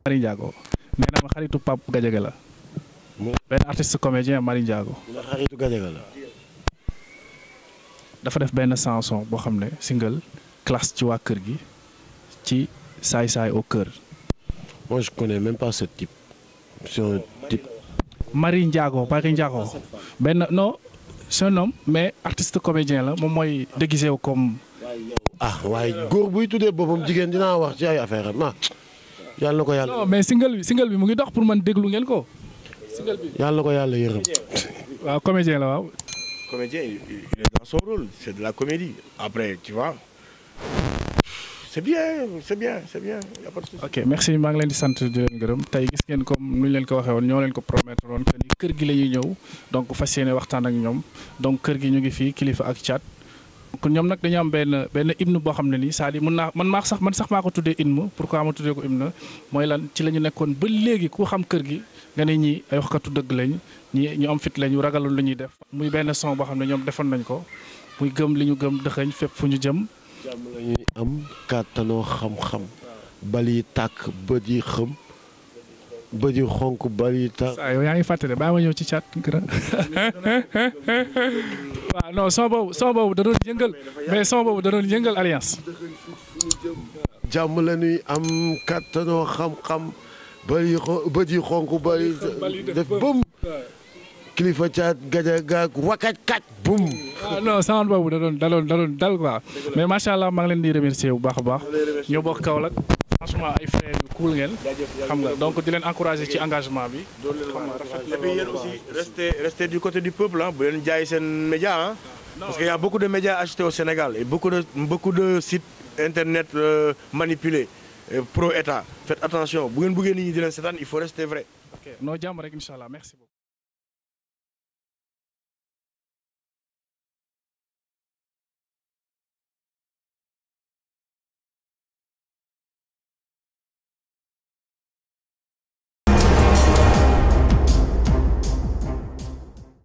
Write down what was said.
Mari Ndiago nee na ma xaritu Pape Gadiaga la. benn artiste comédien Mari Ndiago. ndax dafa def benn chanson boo xam ne single classe ci waa kër gi ci saay saay au cœur. moi je connais même pas ce benn non c'est mais artiste comédien la moom mooy déguisé comme. ah waaye góor buy tuddee boppam jigéen dinaa wax ci ay affaire yàlla ko yàlla non mais single bi single bi mu ngi dox pour man déglu ngeen ko. yàlla ko yàlla yërëm. waaw comédien la waaw. comédien il la comédie après tu vois. c'est bien c'est bien c'est bien. ok merci maa ngi leen di sant di leen gërëm tey gis ngeen comme nu ñu leen ko waxee woon ñoo leen ko promettre woon que ni kër gi la ñuy ñëw donc fas yéene waxtaan ak ñoom donc kër gi ñu ngi fii kilifa ak chat kon ñoom nag dañu am benn benn hymne boo xam ne nii saa à dire mën naa man maa sax man sax maa ko tuddee hymne pourquoi ma tuddee ko hymne mooy lan ci la ñu nekkoon ba léegi ku xam kër gi nga ne ñii dëgg lañ ñi ñu am fit lañ ñu ragaloon lu ñuy def muy benn son boo xam ne ñoom defoon nañ ko muy gëm li ñu gëm dëxëñ fépp fu ñu jëm jàmm la ñuy am kàttanoo xam-xam bali tàkk bët yi xëm bët yi xonk bali tàkk yaa ngi fàttali baa ma ñëw ci chat waaw non son boobu son boobu da doon yëngal mais son boobu da doon yëngal alliance. jàmm la ñuy am kattanoo xam-xam bari xo bët def bum kilifa caat gaja gaag wakat kat bum. waaw ah, non sama boobu da doon da dal quoi mais macha allah maa leen di remercier bu baax a baax ñoo bokk Kaolack. franchement ay frères yu xam nga donc di leen encourager ci engagement bi. xam nga rafetlu loolu du côté du peuple bu leen jaay seen média ah. parce qu'il y a de médias achetés au Sénégal et beaucoup de beaucoup de sites internet euh, manipulés pro état faites attention bu ngeen bëggee nit ñi seetaan il faut rester vrai. noo jàmm rek incha allah merci beaucoup.